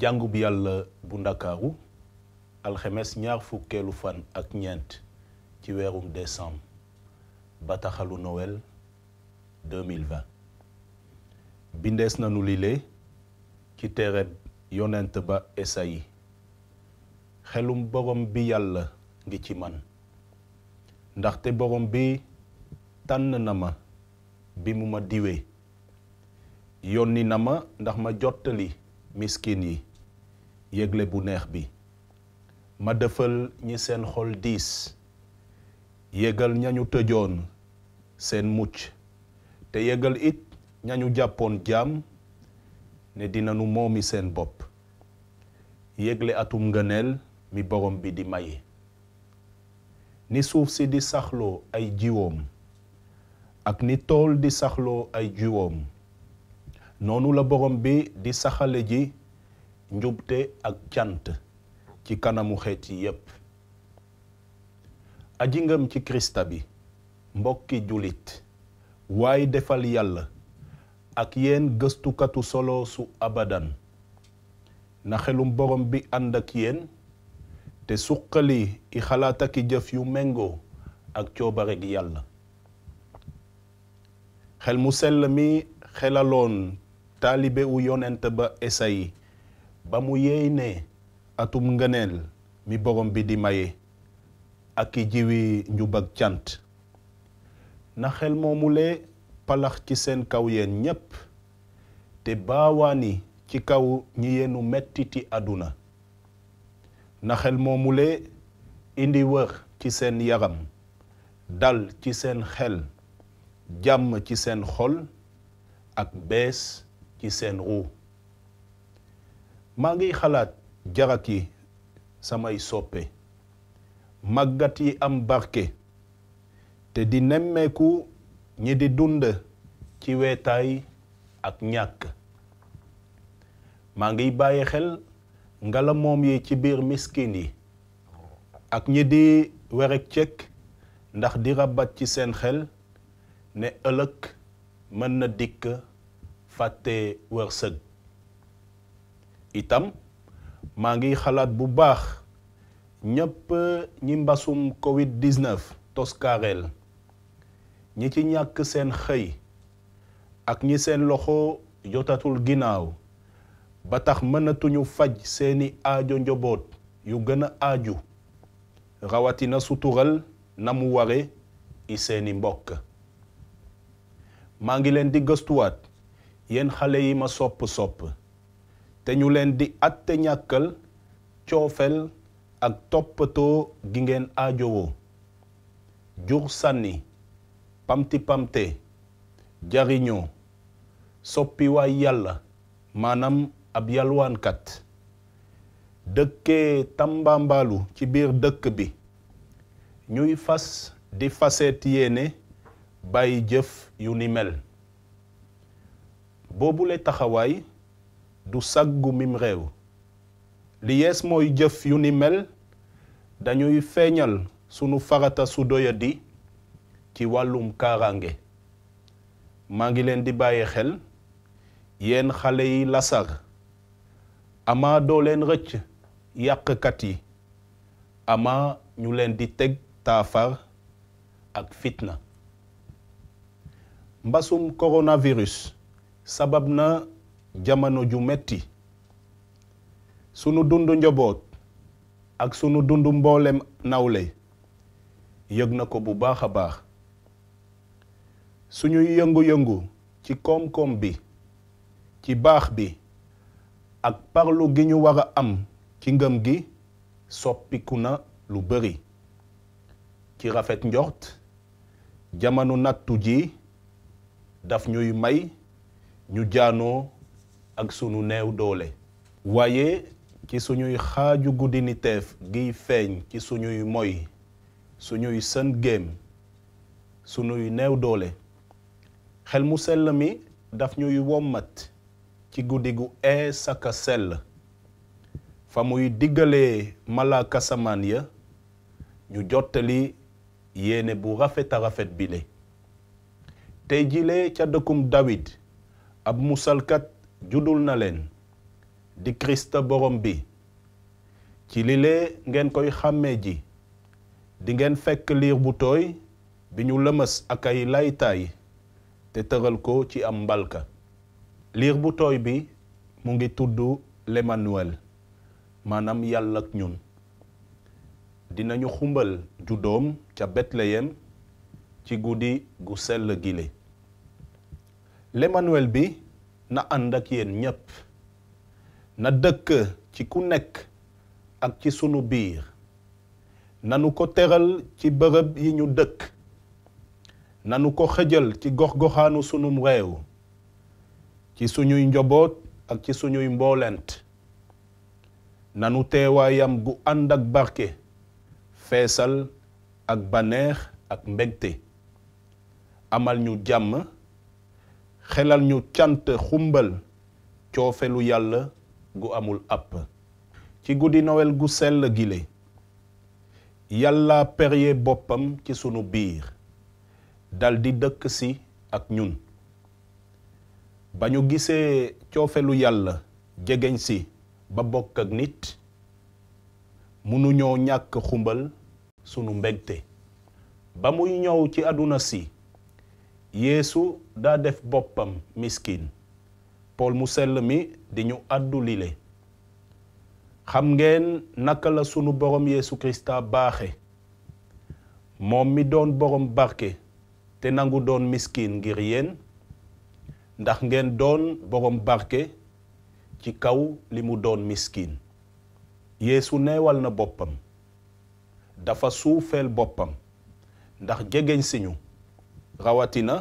jàngub bi yàlla bu ndakaaru alxemes ñaar fukkeelu fan ak ñeent ci weerum décembre bataxalu noël 2020 bindees nanu lile ci téereb yonent ba esayi xelum borom bi yàlla ngi ci man ndaxte borom bi tànn na ma bi mu ma diwee yónni na ma ndax ma jottali miskin yi yëgle bu neex bi ma defal ñi seen xol diis yëgal ñañu tëjoon seen mucc te yëgal it ñañu jàppoon jaam ne dinanu moomi seen bopp yëgle atum ngëneel mi borom bi di may ni suuf si di saxloo ay jiwoom ak ni tool di saxloo ay jiwoom noonu la borom bi di saxale ji njubte ak cant ci kanamu xeet yi yépp aji ngëm ci krista bi mbokki jullit waaye defal yàlla ak yéen gëstukatu solo su abadan na xelum borom bi ànd ak yéen te suqali i xalaat ak jëf yu méngoo ak coobare yàlla xel mu sell mi xelaloon taalibe u yonent ba esayi ba mu yeey ne atum ngëneel mi borom bi di maye ak i jiwi njub ak cant na xel moomule palax ci seen kaw yéen ñépp te baawaani ci kaw ñi yenu mettiti àdduna na xel moomule indi wër ci seen yaram dal ci seen xel jàmm ci seen xol ak bees ci seen ruu maa ngi xalaat jarak yi samay soppe màggat yi am barke te di nemmeeku ñi di dund ci weetaay ak ñàkk maa ngiy bàyyi xel ngala moom yi ci biir miskin yi ak ñi di werek cek ndax di rabat ci seen xel ne ëllëg mën na dikk fàtte wërsëg itam maa ngi xalaat bu baax ñépp ñi mbasum covid-19 toskareel ñi ci ñàkk seen xëy ak ñi seen loxo jotatul ginnaaw ba tax mënatuñu faj seeni aajo njoboot yu gën a aaju rawatina sutural na mu ware i seeni mbokk maa ngi leen di gëstuwaat yéen xale yi ma sopp-sopp dañu leen di atte ñàkkal coofel ak toppatoo gi ngeen aajowoo jur sànni pamti pamte jariñoo soppiwaay yàlla maanaam ab yalwaankat dëkkee tambaambaalu ci biir dëkk bi ñuy fas di faseet yéene bàyyi jëf yu ni mel boobule taxawaay du saggu mim réew li yees mooy jëf yu ni mel dañuy feeñal sunu farata su doyadi ci wàllum kaaraange maa ngi leen di bàyyi xel yenn xale yi lasar amaa doo leen rëcc yàqkat yi amaa ñu leen di teg taafar ak fitna mbasum coronavirus sabab na jamono ju metti sunu dund njaboot ak sunu dundu mboolem nawle yëg na ko bu baax a baax suñuy yëngu-yëngu ci koom-koom bi ci baax bi ak parlu gi ñu war a am ci ngëm gi soppiku na lu bari ci rafet njort jamono nattu ji daf ñuy may ñu jaanoo ak sunu néew doole waaye ci suñuy xaaju guddi ni giy feeñ ci suñuy moy suñuy sën géem suñuy néew doole xel mu sell mi daf ñuy wommat ci guddi gu ees ak a sell fa muy diggalee malaaka samaan ya ñu jottali yéene bu rafet a rafet bile tey jile ca dëkkum Dawid ab musalkat judul na leen di Christ borom bi ci lilee ngeen koy xàmmee ji dingeen fekk liir bu tooy bi ñu lëmas ak ay laytaay te tëral ko ci am mbalka liir bu tooy bi mu ngi tudd l'Emmanuel maanaam yàlla ak ñun dinañu xumbal ju doom ca Bethléem ci guddi gu sell gile l'Emmanuel bi na ànd ak yéen ñépp na dëkk ci ku nekk ak ci sunu biir nanu ko teral ci bërëb yi ñu dëkk nanu ko xëjal ci gox-goxaanu sunum réew ci suñuy njoboot ak ci suñuy mboolent nanu teewaayam gu ànd ak barke feesal ak baneex ak mbegte amal ñu jàmm xelal ñu cant xumbal coofelu yàlla gu amul àpp ci guddi nowel gu sell gile yàlla perye boppam ci sunu biir daldi dëkk si ak ñun ba ñu gisee coofeelu yàlla jegeñ si ba bokk ak nit mënuñoo ñàkk xumbal sunu mbégte ba muy ñëw ci àdduna si yéesu daa def boppam miskin pool mu sell mi di ñu àddu lile xam ngeen naka la sunu borom Yeesu Krista baaxe moom mi doon borom barke te nangu doon miskin ngir yéen ndax ngeen doon borom barke ci kaw li mu doon miskin yéesu neewal na boppam dafa suufeel boppam ndax jegeñ si ñu rawatina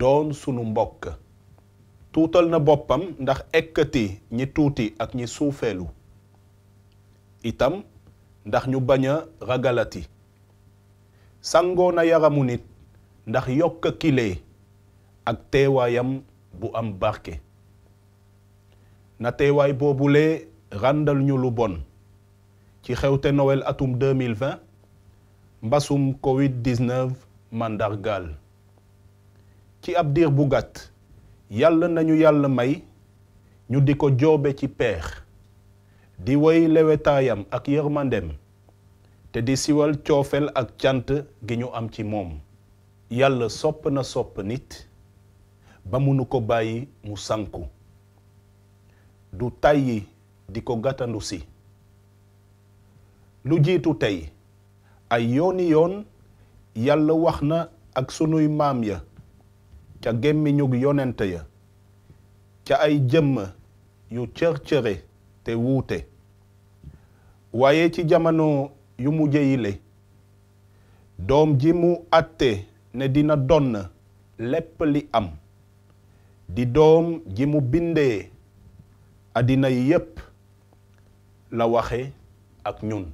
doon sunu mbokk tuutal na boppam ndax ekkati ñi tuuti ak ñi suufeelu itam ndax ñu bañ a ragalati sangoo na yaramu nit ndax yokk kile ak teewaayam bu am barke na teewaay boobule ràndal ñu lu bon ci xewte nowel atum 2020 mbasum covid màndargaal ci ab diir bu gàtt yàlla nañu yàlla may ñu di ko joobe ci peex di woy lewetaayam ak yërmandem te di siiwal coofel ak cant gi ñu am ci moom yàlla sopp na sopp nit ba mënu ko bàyyi mu sanku du tàyyi di ko gàttandu si lu jiitu tey ay yooni yoon yàlla wax na ak sunuy maam ya ca gémmiñu yonent ya ca ay jëmm yu cër-cëre te wuute waaye ci jamono yu mujj yile doom ji mu àtte ne dina donn lépp li am di doom ji mu bindee àddina yépp la waxe ak ñun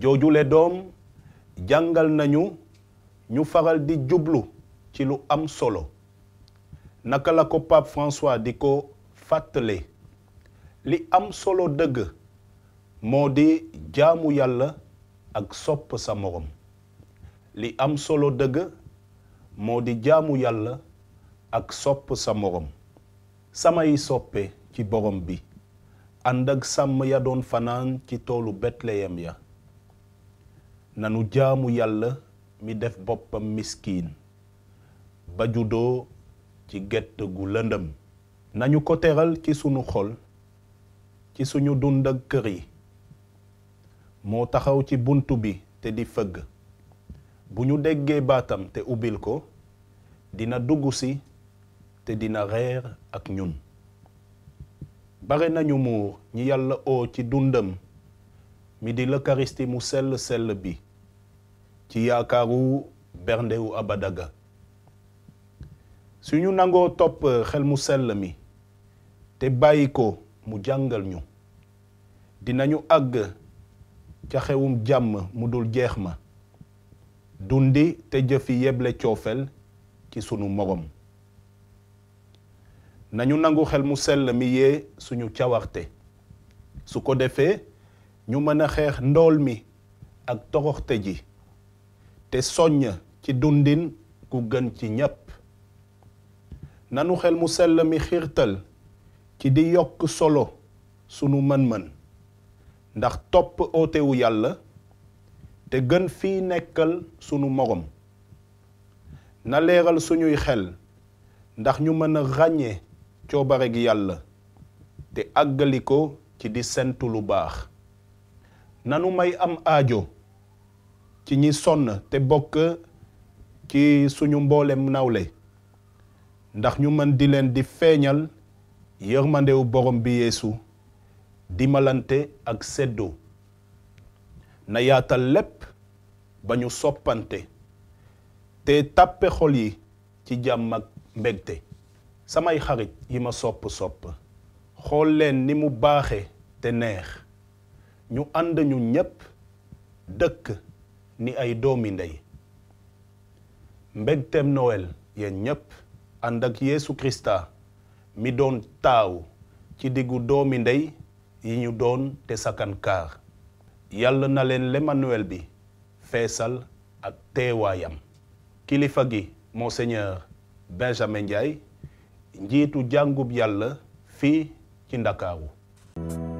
joojule doom jàngal nañu ñu faral di jublu ci lu am solo naka la ko Pape François di ko fàttale li am solo dëgg moo di jaamu yàlla ak sopp sa morom li am solo dëgg moo di jaamu yàlla ak sopp sa morom samay soppe ci borom bi ànd ak sàmm ya doon fanaan ci toolu Betleyem ya nanu jaamu yàlla mi def boppam miskiin ba juddoo ci gett gu lëndëm nañu ko teral ci sunu xol ci suñu dund ak kër yi moo taxaw ci bunt bi te di fëgg bu ñu déggee baatam te ubbil ko dina duggsi te dina reer ak ñun bare nañu muur ñi yàlla oo ci dundam mi di l'Eucharistie mu sell sell bi ci yaakaaru berndewu abadaga suñu nangoo topp xel mu sell mi te bàyyi ko mu jàngal ñu dinañu àgg ca xewum jàmm mu dul jeex ma dundi te jëfi yeble coofel ci sunu moroom nañu nangu xel mu sell mi yee suñu cawarte su ko defee ñu mën a xeex ndool mi ak toroxte ji te soññ ci dundin ku gën ci ñépp nanu xel mu sell mi xiirtal ci di yokk solo sunu mën-mën ndax topp otewu yàlla te gën fii nekkal sunu morom na leeral suñuy xel ndax ñu mën a ràññee coobare gi yàlla te àggali ko ci di sentu lu baax nanu may am ajo ci ñi sonn te bokk ci suñu mboolem nawle ndax ñu mën di leen di feeñal yërmandewu borom bi yeesu dimbalante ak seddoo na yaatal lépp ba ñu soppante te tàppe xol yi ci jàmm ak mbégte samay xarit yi ma sopp-sopp xool leen ni mu baaxe te neex ñu ànd ñu ñépp dëkk ni ay doomi ndey mbégteem Noël yéen ñépp ànd ak Yeesu Krista mi doon taaw ci diggu doomi ndey yi ñu doon te sakankaar yàlla na leen l'Emmanuel bi feesal ak teewaayam kilifa gi monseigneur Benjamin Ndiaye njiitu jàngub yàlla fii ci Ndakaaru